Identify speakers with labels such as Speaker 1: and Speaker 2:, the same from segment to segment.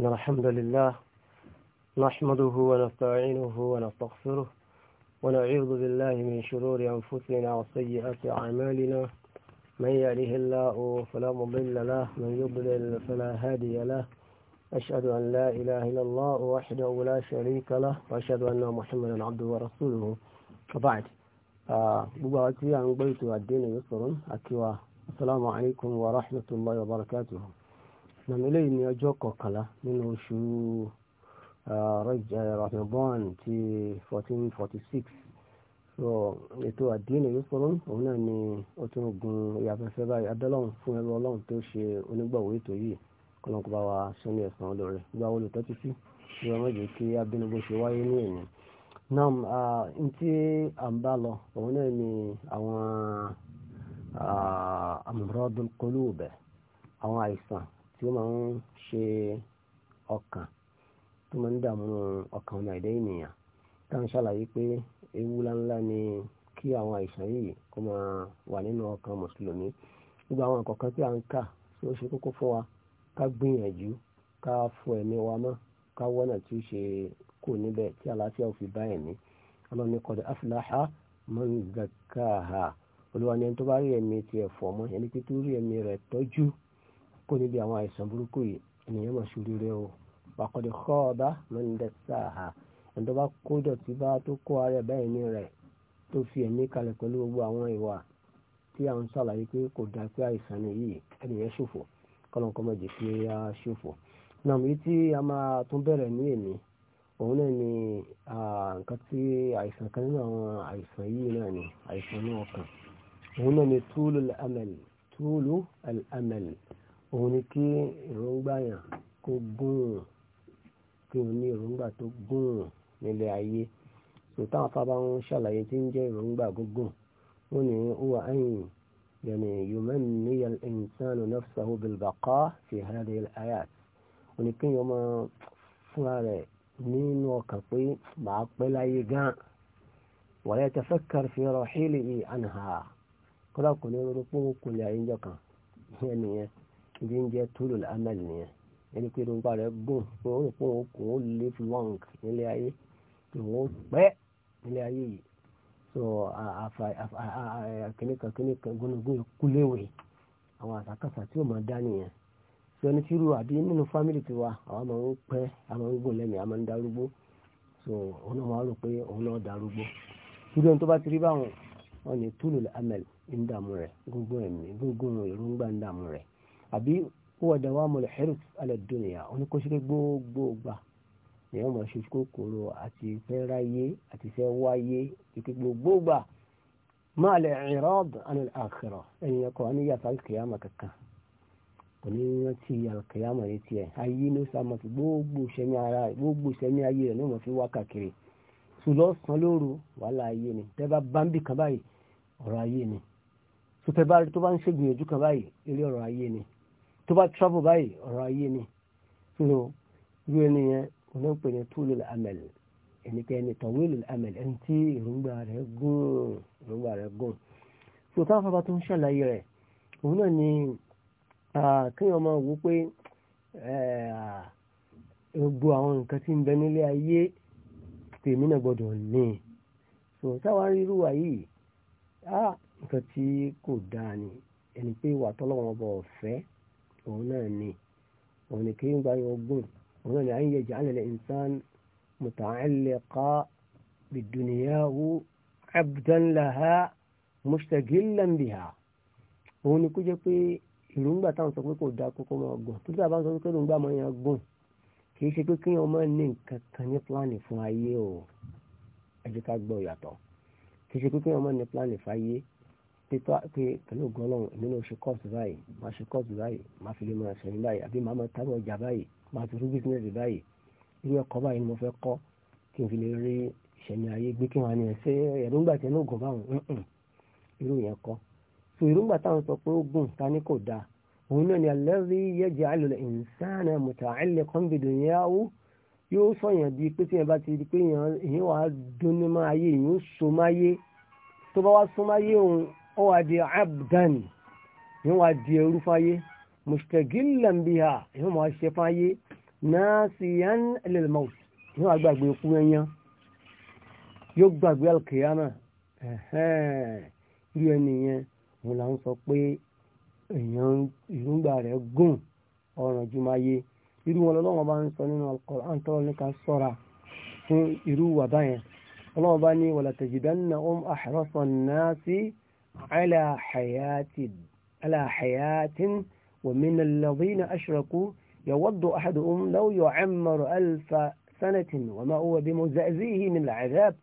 Speaker 1: إن الحمد لله نحمده ونستعينه ونستغفره ونعوذ بالله من شرور أنفسنا وسيئات أعمالنا من يهده الله فلا مضل له من يضلل فلا هادي له أشهد أن لا إله إلا الله وحده لا شريك له وأشهد أن محمدا عبده ورسوله وبعد gbogbo àti à ń gbọ́ السلام عليكم ورحمة الله وبركاته nàmílẹ yìí ní ọjọ́ kọkànlá nínú oṣù Ramadan ti fourteen forty six so ètò àdínà yìí fọlọ́ òun náà ni ó tún gun ìyàfẹ́fẹ́ báyìí adọ́lọ́hún fún ẹrú ọlọ́run tó ṣe onígbàwó ètò yìí kọ́lọ́n kó bá wa sẹ́ni ẹ̀sán olóore gba olùtọ́jú sí bí wọ́n mọ̀jẹ̀ kí abínú bó ṣe wáyé ní ẹ̀yìn. náà n tí à ń bá lọ òun náà ni àwọn amradul qulub àwọn àìsàn tí ó máa ń ṣe ọkàn tó máa ń dààmú ọkàn ọmọ ẹ̀dá ènìyàn táwọn ṣàlàyé pé ewu ńláńlá ni kí àwọn àìsàn yìí kó máa wà nínú ọkàn mùsùlùmí gbogbo àwọn nǹkan kan tí à ń kà tí ó ṣe kókó fún wa ká gbìyànjú ká fọ ẹ̀mí wa mọ́ ká wọ́nà tí ó ṣe kò níbẹ̀ tí àlàáfíà ò fi bá ẹ̀mí ọlọ́ni kọ́dọ̀ afúláhà man zakkaha ni ẹni tó bá rí ẹ̀mí tiẹ̀ fọ̀ mọ́ ẹni pé tó rí ẹ̀mí rẹ̀ tọ́jú kó níbi àwọn àìsàn burúkú yìí ènìyàn mọ̀ ṣúrí rẹ o wàkọ̀dé kọ́ ọba mọ́ndé sáà ẹ̀ńtọ́ bá kó dọ̀tí bá tó kó ara ẹ̀ báyìí ní rẹ̀ tó fi ẹ̀mí kalẹ̀ pẹ̀lú gbogbo àwọn ìwà tí à ń sàlàyé pé kò dáa pé àìsàn ni yìí ènìyàn ṣòfò kọ́lọ́nkọ́ mọ̀ jẹ́ pé a ṣòfò. nàmú yìí tí a máa tún bẹ̀rẹ̀ ní èmi òun náà ni nǹkan tí àìsàn kan nínú àwọn àìsàn yìí náà ni àìsàn náà kàn òun náà ni túlù al túlù al òun ni kí èròǹgbà yàn kó gùn kí òun ní èròǹgbà tó gùn nílé ayé so táwọn afábá ń ṣàlàyé tí ń jẹ́ èròǹgbà gúngùn wọ́n ní huwa an yani yumanniya al-insanu nafsahu bil-baqa fi hadhihi al-hayat òun ni kí èèyàn máa fúnra rẹ̀ nínú ọkàn pé màá pẹ́ láyé gan wa la yatafakkar fi rahilihi anha kò ní ronú pé òun kò lè ayé jọ kan ẹnìyẹn ibi ń jẹ́ tóòlù amẹ́lì nìyẹn ẹni pé irun pa rẹ̀ gùn fún òun fún òkun ó live long nílé ayé kí òun pẹ́ nílé ayé yìí so kìnìkan kìnìkan gúnugún kúléwé àwọn àtàkàsà tí ó máa dá nìyẹn so ẹni tí irú àbí nínú fámìlì tiwa àwọn máa ń pẹ́ àwọn ń gùn lẹ́mìí àwọn máa ń darúgbó so òun náà wàá rò pé òun náà darúgbó irú ẹni tó bá ti rí báwọn wọn ni túlù amẹ́lì ń dààmú rẹ̀ gúngún ẹ̀mí gúngún èròǹgbà ń dààmú rẹ̀ àbí huwa dawamul hirs ala dunya oníkóṣeré gbogbo gbà ni wọ́n máa ṣojú kòkòrò àti fẹ́ ráyé àti fẹ́ wáyé ìpè gbogbo gbà máa lè i'rad anil akhirah ẹ̀yìn ẹ̀kọ́ ní yàtọ̀ alkiyama kankan kò ní rántí alkiyama ní tiẹ̀ ayé ní sàmà fi gbogbo ìṣẹ́mi ara rẹ̀ gbogbo ìṣẹ́mi ayé rẹ̀ ní wọ́n fi wá kàkiri sùlọ́ san lóru wàhálà ayé ni tẹ́ bá bá ń bì kan báyìí ọ̀rọ̀ ayé ni sùpẹ́ bá tó bá ń ṣègbìyànjú kan báyìí eré ọ̀rọ̀ ayé ni tó bá travel báyìí ọ̀rọ̀ ayé ni so irú ẹni yẹn òun ń pè ní túlù amẹ̀l ẹnikẹ́ni tọ̀wéèlì amẹ̀l ẹni tí èròǹgbà rẹ̀ gùn èròǹgbà rẹ̀ gùn so táwọn afọ́fà tó ń ṣàlàyé rẹ̀ òun náà ni kéèyàn máa wò pé gbogbo àwọn nǹkan tí ń bẹ nílé ayé tèmi náà gbọ́dọ̀ ní so táwa rírú wa yìí nǹkan tí kò dáa ni ẹni pé ìwà tọ́lọ́wọ́n ọba ọ̀fẹ́ òun náà ni òun ni kí n gba yọgbọ́n òun náà ni àyìn yẹjẹ alẹ́lẹ́ insan mutaalliqa bidunyahu abdan laha mustagilan biha òun ni kó jẹ́ pé ìrùngbà táwọn sọ pé kò da kókó máa gùn tó dábàá sọ pé ìrùngbà máa yan gùn kì ṣe pé kéèyàn máa ní nǹkan kan ní pílánì fún ayé o ẹ jẹ́ ká gbọ́ yàtọ̀ kì ṣe pé kéèyàn máa ní pílánì fún ayé o pípa pé pẹ̀lú ògùn ọlọ́run èmi náà ṣe kọ́ọ̀sì báyìí máa ṣe kọ́ọ̀sì báyìí máa fi lè máa ṣẹ̀yìn báyìí àbí máa máa tábọ̀ ọjà báyìí máa ti rú bísíǹnẹ̀sì báyìí irú ẹ̀kọ́ báyìí ni mo fẹ́ kọ́ kí n fi lè rí ìṣẹ̀mí ayé gbé kí wọ́n á ní ẹ̀ṣẹ́ ẹ̀rúngbà tí ẹ̀ náà gùn báwọn irú yẹn kọ́ so ìrúngbà táwọn sọ pé ó ta ni kò dáa òun náà ni alẹ́rí yẹ́jẹ́ àlùlẹ̀ ìǹsánà mùtàálẹ̀ kọ́ńbìdìyàwó yóò sọ̀yàn bíi pé tí yẹn bá ti di pé èèyàn wàá dúnní máa yé èèyàn ó so máa yé tó bá wá so máa yé òun ó wà di abdan yóò wà di ẹrú fáyé mustagilan biha yóò máa ṣe fáyé nasiyan lil maut yóò wà gbàgbé ikú ẹyán yóò gbàgbé alkiyama irú ẹni yẹn mo là ń sọ pé èèyàn ìrúngbà rẹ̀ gùn ọ̀ràn jùmáyé irú wọn lọ́wọ́ bá ń sọ nínú Al-Qur'an tó sọ́ra fún irú wàbá ọlọ́wọ́ bá ní wala tajidanna um ahrasan nasi ala hayatin ala hayatin wa min alladhina ashraku yawaddu ahaduhum law yu'ammaru alfa sanatin wa ma huwa bimuzazzihi min al'adhab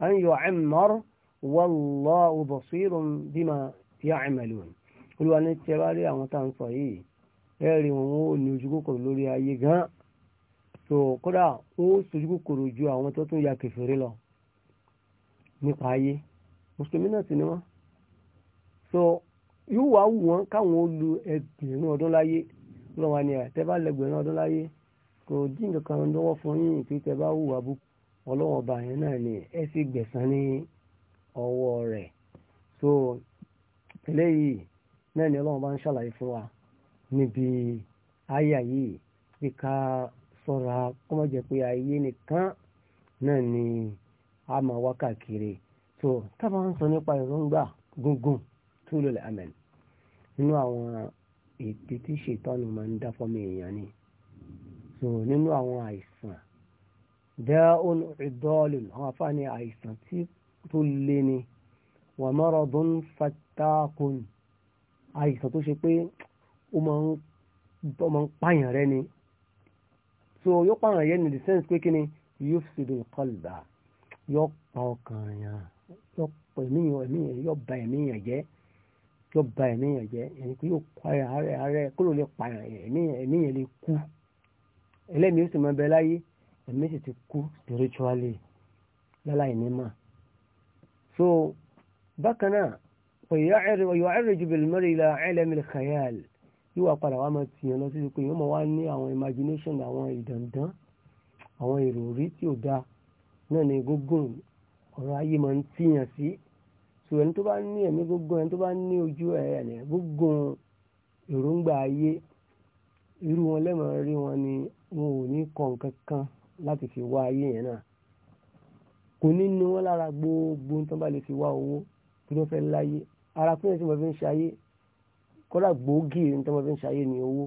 Speaker 1: an yu'ammar wallahu basirun bima ya'malun olúwa ní tí ẹ bá rí àwọn tá à ń sọ yìí ẹ rí wọn ó ní ojú gan so kódà wọn ó sojú ju àwọn tó tún ya kẹfìrí lọ nípa ayé mùsùlùmí náà so yóò wá wù wọ́n káwọn ó lu ẹgbẹ̀rún ọdún láyé wa ni àtẹ́ bá lẹ́gbẹ̀rún ọdún láyé kò dín kankan lọ́wọ́ fún yín pé tẹ́ bá ọba yẹn ni ẹ sì ní so eléyìí náà ni ọlọ́wọ́ bá ń ṣàlàyé fún wa níbi àyà yìí pé ká sọ́ra kó má jẹ́ pé ayé nìkan náà ni a máa wá so tábà ń sọ nípa ìrọ̀ǹgbà tulul amal nínú àwọn ètè tí ṣètọ́nù máa ń dá fọ́mọ èèyàn ni so nínú àwọn àìsàn da'un idalun àwọn afáàní àìsàn tí tó lé ni wa maradun fatakun àìsàn tó ṣe pé ó máa ń pààyàn rẹ ni so yóò pààyàn yẹn ní the sense pé kí ni yufsidul qalba yóò pa ọkàn yàn yóò pa ẹ̀mí yàn yóò ba ẹ̀mí yàn jẹ́ yóò ba ẹ̀míyàn jẹ́ ẹni pé yóò kọ́ ààrẹ ààrẹ kúrò lè pààyàn ẹ̀míyàn lè kú ẹlẹ́mìí ó sì máa bẹ láyé ẹ̀mí sì ti kú spiritually láláì ní mà so bákan náà yóò ẹ̀rọ ju bẹ̀rẹ̀ mọ́rẹ̀ ilà ẹlẹ́mìí khayal yóò wá padà wá máa tìyàn lọ síbi pé yóò máa wá ní àwọn imagination àwọn ìdàndán àwọn èrò orí tí ò dáa náà ni gógùn ọ̀rọ̀ ayé máa ń tìyàn sí so ẹni tó bá ní ẹ̀mí gúngùn ẹni tó bá ní ojú ẹ̀rẹ̀ gúngùn èròǹgbà ayé irú wọn lẹ́mọ̀ rí wọn ni wọn ò ní kọ̀ nǹkan kan láti fi wá ayé yẹn náà kò ní ní wọn lára gbogbo tó bá lè fi wá owó tí wọn fẹ́ láyé ara fún ẹ̀sìn wọn fi ń ṣayé kọ́dà gbòógì ní tó wọn fi ń ṣayé ni owó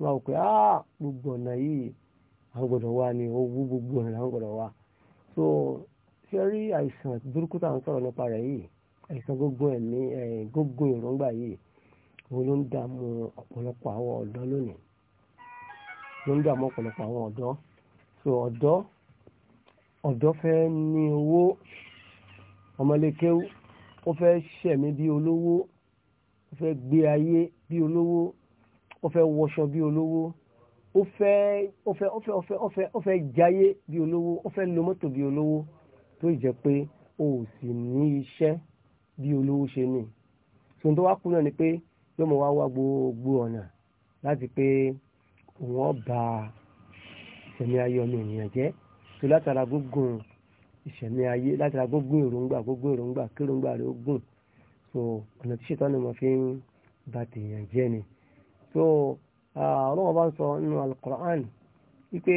Speaker 1: wọn ò pé áà ah, gbogbo ọ̀nà yìí àwọn gbọ́dọ̀ wá ni owó gbogbo ọ̀nà làwọn gbọ́dọ̀ wá so ṣe rí àìsàn burúkú tá à ń sọ̀rọ̀ nípa rẹ̀ yìí àìsàn gbogbo ẹ̀mí gbogbo ìrọ̀ǹgbà yìí òun ló ń dààmú ọ̀pọ̀lọpọ̀ àwọn ọ̀dọ́ lónìí ló ń dààmú ọ̀pọ̀lọpọ̀ àwọn ọ̀dọ́ so ọ̀dọ́ ọ̀dọ́ fẹ́ ní owó ọmọlékéwú ó fẹ́ ṣẹ̀mí bí olówó ó fẹ́ gbé ayé bí olówó ó fẹ́ wọṣọ bí olówó ó fẹ́ ó fẹ́ ó fẹ́ ó fẹ́ ó fẹ́ jayé bí olówó ó fẹ́ lo mọ́tò bí olówó tó jẹ́ pé o ò sì ní iṣẹ́ bí olówó ṣe ní tòun tó wá kú náà ni pé yóò mọ̀ wá wá gbogbo ọ̀nà láti pé wọ́n ba ìṣẹ̀mí ayé ọmọ ènìyàn jẹ́ tó látara gúngùn ìṣẹ̀mí ayé látara gúngùn èròǹgbà gúngùn èròǹgbà kéròǹgbà rẹ̀ ó gùn so ọ̀nà tí ṣètọ́ ni mo fi ń ba tèèyàn jẹ́ ni so ah, ọlọ́wọ́ bá ń sọ nínú alukur'an wípé.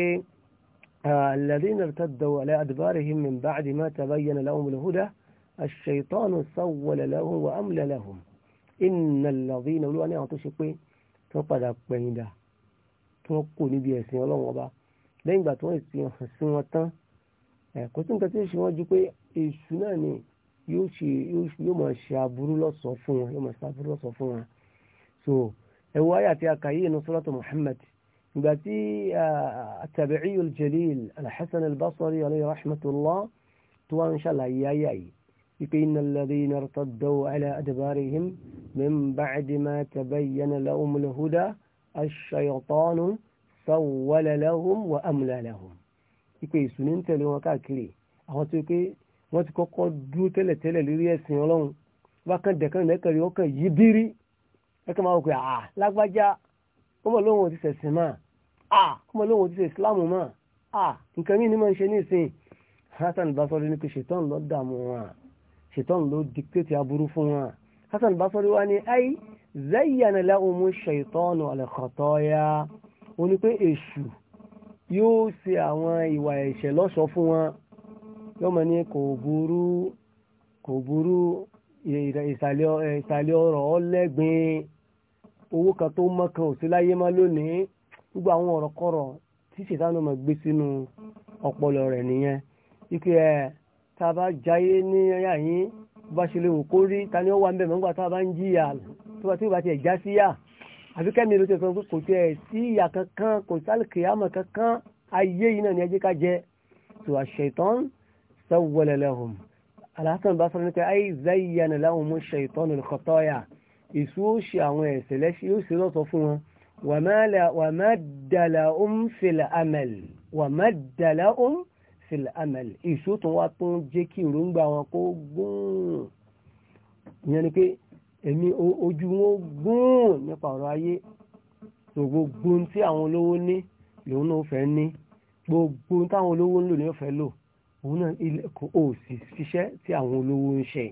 Speaker 1: الذين ارتدوا على أدبارهم من بعد ما تبين لهم الهدى الشيطان سول لهم وأملى لهم إن الذين olúwa ní àwọn tó ṣe pé tó padà pẹ̀yìn dà tó kù níbi ẹ̀sìn ọlọ́run ọba lẹ́yìn ìgbà tó ń ti hàn sí wọn tán kò sí nǹkan tí ó ṣe wọ́n ju pé èṣù náà ni yóò ṣe yóò máa ṣe aburú lọ́sọ̀ọ́ fún wọn yóò máa ṣe aburú lọ́sọ̀ọ́ fún wọn so ẹ̀wọ́ ayé àti akàyé inú sọ́lọ́tọ̀ Muhammad ìgbà tí at-tabi'i al-jalil al-hasan al-basri alayhi rahmatullah tó wá ń ṣàlàyé ayé yìí wípé innal ladhina irtaddaw ala adbarihim min ba'di ma tabayyana lahumul huda ash-shaytanu sawwala lahum wa amla lahum wípé ìsúní ń tẹ̀lé wọn káàkiri àwọn tó pé wọ́n ti kọ́kọ́ dúró tẹ́lẹ̀tẹ́lẹ̀ lórí ẹ̀sìn ọlọ́run bákan dẹ̀kan à kọ́mọ lóhun ti ṣe islam mọ́ à nǹkan mí ni mo ń ṣe nísìn Hasan Basori ní pé ṣètọ́n ló dààmú wọn ṣètọ́n ló dikítẹ́tì aburú fún wọn Hasan Basori wá ní ayé zayyana lahumu ṣètọ́nù al-khataya ó ní pé èṣù yóò ṣe àwọn ìwà ẹ̀ṣẹ̀ lọ́ṣọ̀ọ́ fún wọn yọ́mọ ní kò burú kò burú ìsàlẹ̀ ọ̀rọ̀ ọlẹ́gbin owó kan tó mọ́kan òsíláyé má lónìí gbogbo àwọn ọ̀rọ̀ kọ̀rọ̀ tí ṣètánù máa gbé sínú ọpọlọ rẹ̀ nìyẹn ike ẹ̀ tá a bá jayé ní ẹ̀yà yín bó bá ṣe lè wò kó rí ta ni ó wà ń bẹ̀ mọ́gbà tá a bá ń jìyà tó bá tí ò bá tiẹ̀ já síyà àbí kẹ́mi ló ti sọ pé kò tiẹ̀ sí ìyà kankan kò sálùkì àmọ̀ kankan ayé yìí náà ni ẹjẹ́ ká jẹ́ tó àṣetán sawwala lahum alhassan bá sọ́rọ̀ nípa ayé zayyana lahum ṣètọ́nù al-khataya ìṣú ó ṣe àwọn ẹ̀ṣẹ̀ lẹ́ṣẹ̀ yóò ṣe lọ́sọ fún wọn wàmẹ́dàláhùn fìlàmẹ́l wàmẹ́dàláhùn fìlàmẹ́l ìṣó tó wá tó ń jẹ́ kí ìròǹgbà wọn kó gùn ìyẹn ni pé èmi ojú wọn gùn nípa ọ̀rọ̀ ayé gbogbo tí àwọn olówó ní lòun náà fẹ́ ní gbogbo táwọn olówó ń lò ní ọ̀fẹ́ lò òun náà ilẹ̀ kò ó sì ṣiṣẹ́ tí àwọn olówó ń ṣe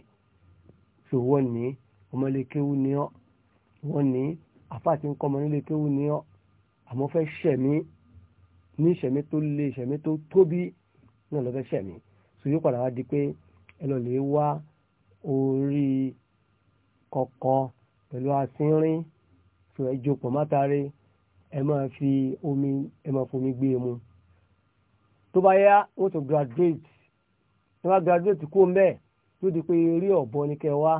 Speaker 1: àfáà tí ń kọ́ ọmọ nílé kéwú ni ọ́ àmọ́ fẹ́ ṣẹ̀mí ní ṣẹ̀mí tó le ṣẹ̀mí tó tóbi náà lọ fẹ́ ṣẹ̀mí so yóò padà wá di pé ẹ lọ lè wá orí kọ̀kọ̀ pẹ̀lú asínrín so ẹ jopọ̀ mátàrí ẹ máa fi omi ẹ máa fomi gbé e mu tó bá yá wọ́n tó graduate tó bá graduate kó mbẹ́ tó di pé eré ọ̀bọ ni kẹ wá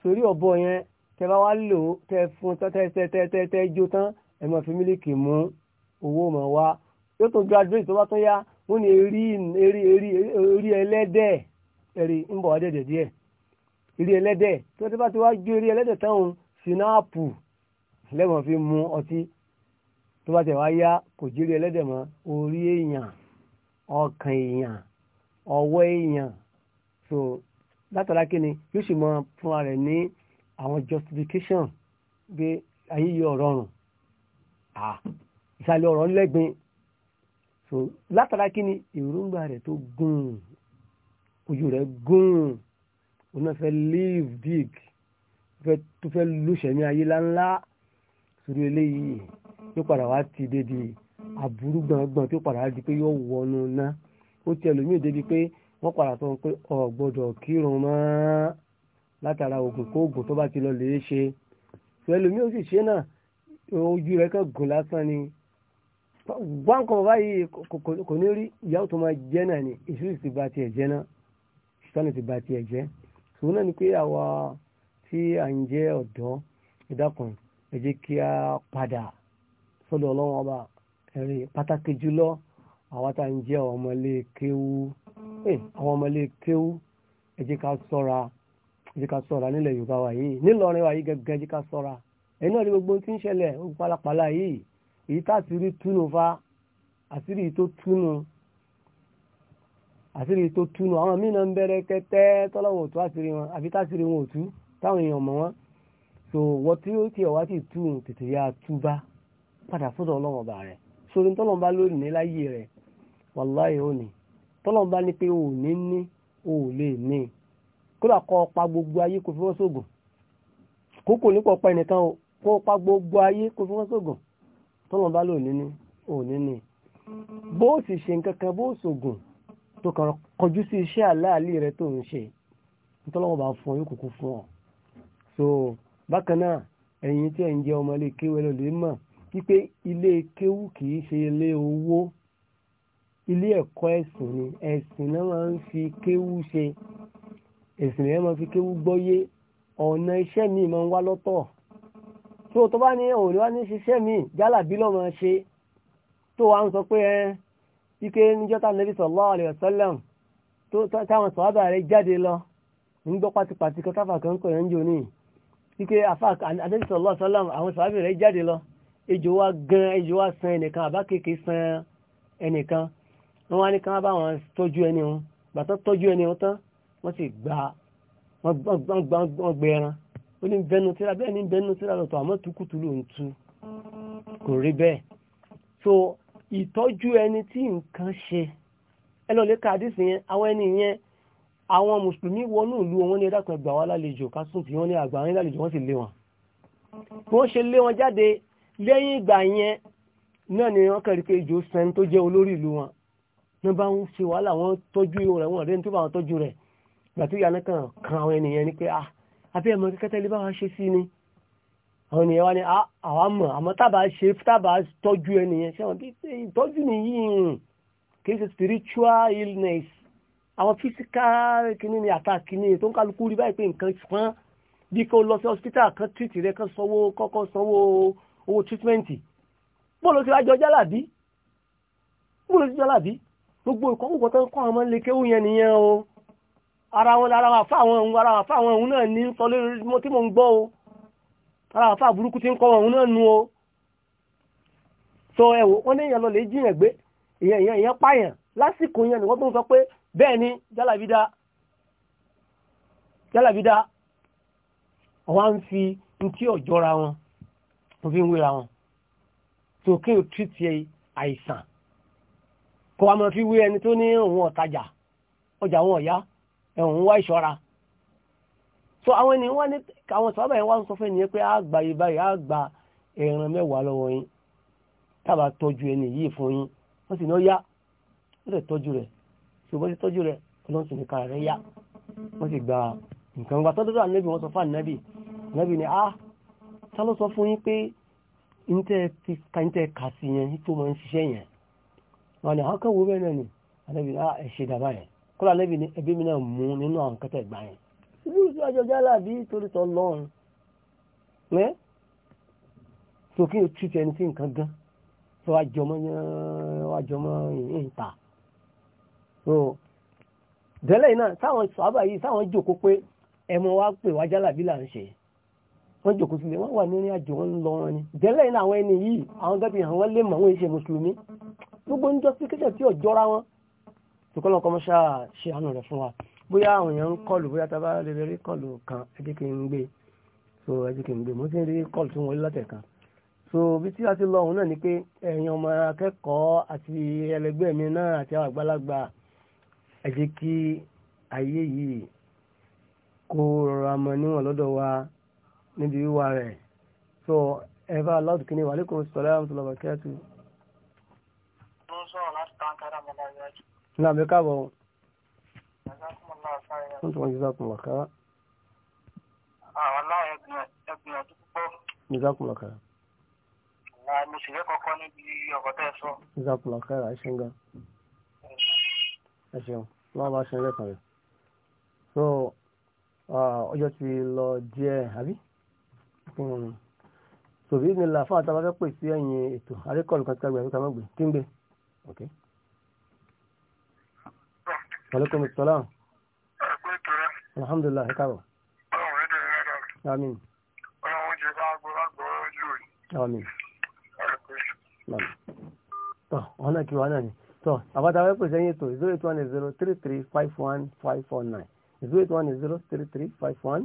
Speaker 1: so eré ọ̀bọ yẹn tẹ bá wá lò ó tẹ fún tán tẹ tẹ tẹ tẹ tẹ jó tán ẹ máa fi mílíkì mú owó máa wá yóò tún graduate tó bá tún yá wọn ni èrí èrí èrí èrí ẹlẹ́dẹ̀ ẹ̀rí ń bọ̀ wá dẹ̀dẹ̀ díẹ̀ èrí ẹlẹ́dẹ̀ tó tẹ bá ti wá jó èrí ẹlẹ́dẹ̀ táwọn sinapu lẹ́wọ̀n fi mu ọtí tó bá tẹ wá yá kò jírí ẹlẹ́dẹ̀ mọ́ orí èèyàn ọkàn èèyàn ọwọ́ èèyàn so látara kí ni yóò sì mọ fúnra rẹ̀ ní àwọn justification bí ayé yọ ọ̀rọ̀ rùn ìsàlẹ̀ ọ̀rọ̀ lẹ́gbin so látara kí ni èròǹgbà rẹ̀ tó gùn ojú rẹ̀ gùn òun náà fẹ́ live big tó fẹ́ lóṣẹ̀mí ayé láńlá sórí eléyìí yóò padà wá ti dédé aburú gbọ̀ngbọ̀n tó padà di pé yóò wọnú ná ó ti ẹlòmíì débi pé wọ́n padà sọ pé ò gbọ́dọ̀ kírun mọ́ látara oògùn kóògùn tó bá ti lọ lè ṣe ẹlòmíì ó sì ṣe náà ojú rẹ̀ kan gùn lásán ni gbọ́ǹkan báyìí kò ní rí ìyàwó tó máa jẹ́ náà ni ìṣúlù ti ba tiẹ̀ jẹ́ náà ìṣúlù ti ba tiẹ̀ jẹ́ ṣùgbọ́n náà ni pé àwa tí à ń jẹ́ ọ̀dọ́ ìdákan ẹ jẹ́ kí a padà sọ́dọ̀ ọlọ́run ọba ẹ̀rí pàtàkì jùlọ àwa tá à ń jẹ́ ọmọlé kéwú àwọn ọmọlé kéwú ẹ jẹ́ ká sọ́ra jí ká sọ̀ra nílẹ̀ yorùbá wa yìí nílọrin wa yìí gẹ́gẹ́ jí ká sọ̀ra ẹ̀yin náà rí gbogbo tí ń ṣẹlẹ̀ ó pálapàla yìí èyí tá àṣírí túnú fa àṣírí tó túnú àṣírí tó túnú àwọn míì náà ń bẹ̀rẹ̀ kẹ́tẹ́ tọ́lọ́wọ́ òtú àṣírí wọn àbí táṣírí wọn òtú táwọn èèyàn mọ̀ wọn so wọ́n tí ó tiẹ̀ wá sì tú tètè yá túbá padà sọ́dọ̀ ọlọ́wọ́ bá rẹ̀ sórí tọ́lọ́n bá lónìí ní láyé rẹ̀ wàláyé òní tọ́lọ́n bá ní pé òní ní òòlè ní kódà kọ́ pa gbogbo ayé kò fi wọ́n sóògùn kókò nípa ọ̀pá ẹnìkan o kó pa gbogbo ayé kò fi wọ́n sóògùn tọ́lọ̀ bá lò níní ò níní bó sì ṣe nǹkan kan bó sògùn tó kàn kọjú sí iṣẹ́ aláàlì rẹ tó ń ṣe tọ́lọ́wọ́ bá fún ọ yóò kúkú fún ọ so bákan náà ẹ̀yin tí ẹ̀ ń jẹ́ ọmọ ilé kéwú ẹlòlè mọ̀ wípé ilé kéwú kì í ṣe ilé owó ilé ẹ̀kọ́ ẹ̀sìn ni ẹ̀sìn náà máa ń fi kéwú ṣe èsìn yẹn máa fi kéwú gbọ́yé ọ̀nà iṣẹ́ mi máa ń wá lọ́tọ̀ tó tó bá ní òòlù wá ní ṣiṣẹ́ mi jálàbí lọ́mọ ṣe tó wá ń sọ pé ẹ ike níjọ́ta nàbí sallallahu alaihi wasallam tó táwọn sọ̀hábà rẹ̀ jáde lọ ń gbọ́ pátipàti kan káfà kan kọ̀ yẹn jò ní ike àfà àdébí sallallahu alaihi wasallam àwọn sọ̀hábà rẹ̀ jáde lọ ejò wa gan ejò wa san ẹnìkan àbá kéèké san ẹnìkan wọn wá ní ká bá wọn tọ́jú ẹni wọn gbàtọ́ tọ́jú ẹni wọn tán wọ́n sì gba wọ́n gbẹ ẹran ó ní bẹnu tíra bẹ́ẹ̀ ní bẹnu tíra lọ́tọ̀ àmọ́ tukutu ló ń tu kò rí bẹ́ẹ̀ so ìtọ́jú ẹni tí nǹkan ṣe ẹ lọ lè ka àdìsí yẹn àwọn ẹni yẹn àwọn mùsùlùmí wọnú ìlú wọn ní ẹ dákun ẹ gbà wá lálejò ká sùn tí wọ́n ní àgbà wọn ní lálejò wọ́n sì lé wọn bí wọ́n ṣe lé wọn jáde lẹ́yìn ìgbà yẹn náà ni wọ́n kẹ́rì pé ìjọ sẹ́ni tó jẹ́ olórí ìlú wọn ní bá ń ṣe wàhálà wọn tọ́jú rẹ̀ wọn rẹ̀ ní tó bá wọn gbàtí ìyànà kan kan àwọn ènìyàn ni pé àbí ah, ẹ̀mọ́ kẹ́kẹ́tẹ́ lè bá wa ṣe sí ni àwọn ènìyàn wá ní ah, àwa mọ̀ àmọ́ tábà ṣe tábà tọ́jú ènìyàn ṣe àwọn ìtọ́jú nìyí kì í ṣe spiritual illness àwọn physical kìíní ni attack kìíní tó ń kálukú rí báyìí pé nǹkan pọ́n bí kò lọ sí hospital kan treat rẹ kan sanwó kọ́kọ́ sanwó owó treatment bọ́ọ̀lù ti wájú ọjà làbí bọ́ọ̀lù ti jọ làbí gbogbo ìkọ́kùnkọ́ tó ń kọ́ ara wọn lára wà fáwọn ohun ara wà fáwọn ohun náà ní sọ lórí mo tí mo ń gbọ́ o ara wà fáà burúkú tí ń kọ́ ohun náà nu o sọ ẹ̀wò wọ́n ní èèyàn lọ lè jiyàn gbé èèyàn èèyàn èèyàn pààyàn lásìkò yẹn ni wọ́n tó ń sọ pé bẹ́ẹ̀ ni jálàbídá jálàbídá ọwá ń fi ntí ọ̀jọ́ra wọn tó fi ń wéra wọn tó kí o tírìtì àìsàn kọ́ wa máa fi wé ẹni tó ní òun ọ̀tajà ọjà wọn ọ̀yá ẹ̀hùn wá ìṣọ́ra so àwọn ènìyàn wá ní àwọn sábà yẹn wá ń sọ fún ènìyàn pé àgbà yìí báyìí àgbà ta mẹ́wàá lọ́wọ́ yín tábà tọ́jú ẹni yìí fún yín wọ́n sì ní ó yá wọ́n sì tọ́jú rẹ̀ ṣùgbọ́n sì tọ́jú rẹ̀ ọlọ́run sì ní kára gba nǹkan gba tọ́jú wọ́n sọ fún ànábì ni a ah, ta ló sọ fún yín pé ntẹ́ kà sí yẹn tó ní kọ́lá lẹ́bi ní ẹbí mi náà mú nínú àwọn kẹtẹ ìgbà yẹn ìlú ìlú àjọjá làbí torí tọ́ lọ́run ẹ́ tó kí tẹni sí nǹkan gan tó wá jọmọ ìta so dẹ́lẹ̀ iná táwọn sábà yìí táwọn jòkó pé ẹmọ wa pè wá jálàbí là ń ṣe wọ́n jòkó sílẹ̀ wọ́n wà nínú àjò wọn lọ wọn ni dẹ́lẹ̀ iná àwọn ẹni yìí àwọn gẹ́gẹ́ bí àwọn lè mọ̀ wọ́n ṣe mùsùlùmí gbogbo ń jọ sí kíkẹ́ tí ò jọra wọn ìkọ́lọ̀ kọ́ mọ́ṣá ṣe àánú rẹ̀ fún wa bóyá àwọn èèyàn ń kọlù bóyá tá a bá lè rí kọlù kan ẹjẹ́ kí n gbé so ẹjẹ́ kí n gbé mo ti rí kọlù tó wọlé lọ́tẹ̀ kan so bí tí a ti lọ òun náà ni pé ẹ̀yin ọmọ akẹ́kọ̀ọ́ àti ẹlẹgbẹ́ mi náà àti àwọn àgbàlagbà ẹjẹ́ kí ayé yìí kó rọra mọ níwọ̀n lọ́dọ̀ wa níbi wíwá rẹ̀ so ẹ bá aláwọ̀ kìíní wàlékún sọ̀rọ̀ àwọn tó lọ bàkẹ́tù. Nàbí káàbọ̀. Wọ́n tún wọ́n yí sákùn lọ́kà. Àwọn náà ẹgbìn ọdún púpọ̀. Yí sákùn lọ́kà. Mo sì rẹ́ kọ́kọ́ níbi ọ̀gọ́ tẹ́ sọ. Yí sákùn lọ́kà rà ṣe ń gan. Ẹ ṣeun, lọ́wọ́ bá ṣe lẹ́kàn rẹ̀. So, ọjọ́ ti lọ díẹ̀, àbí? Sòbí ni làfáà tá a bá ẹ̀yìn ètò àríkọ̀ọ̀lù kan tí a gbà fún kamọ́gbé. Kí ń gbé? Aleykum salaam. Alhamdulilah, ẹ káàbọ̀. Amin. Amin. Tọ́, wọn náà kí wọn náà ni. Tọ́, àbáta wẹ́ pèsè yín ètò zero eight one zero three three five one five four nine zero eight one zero three three five one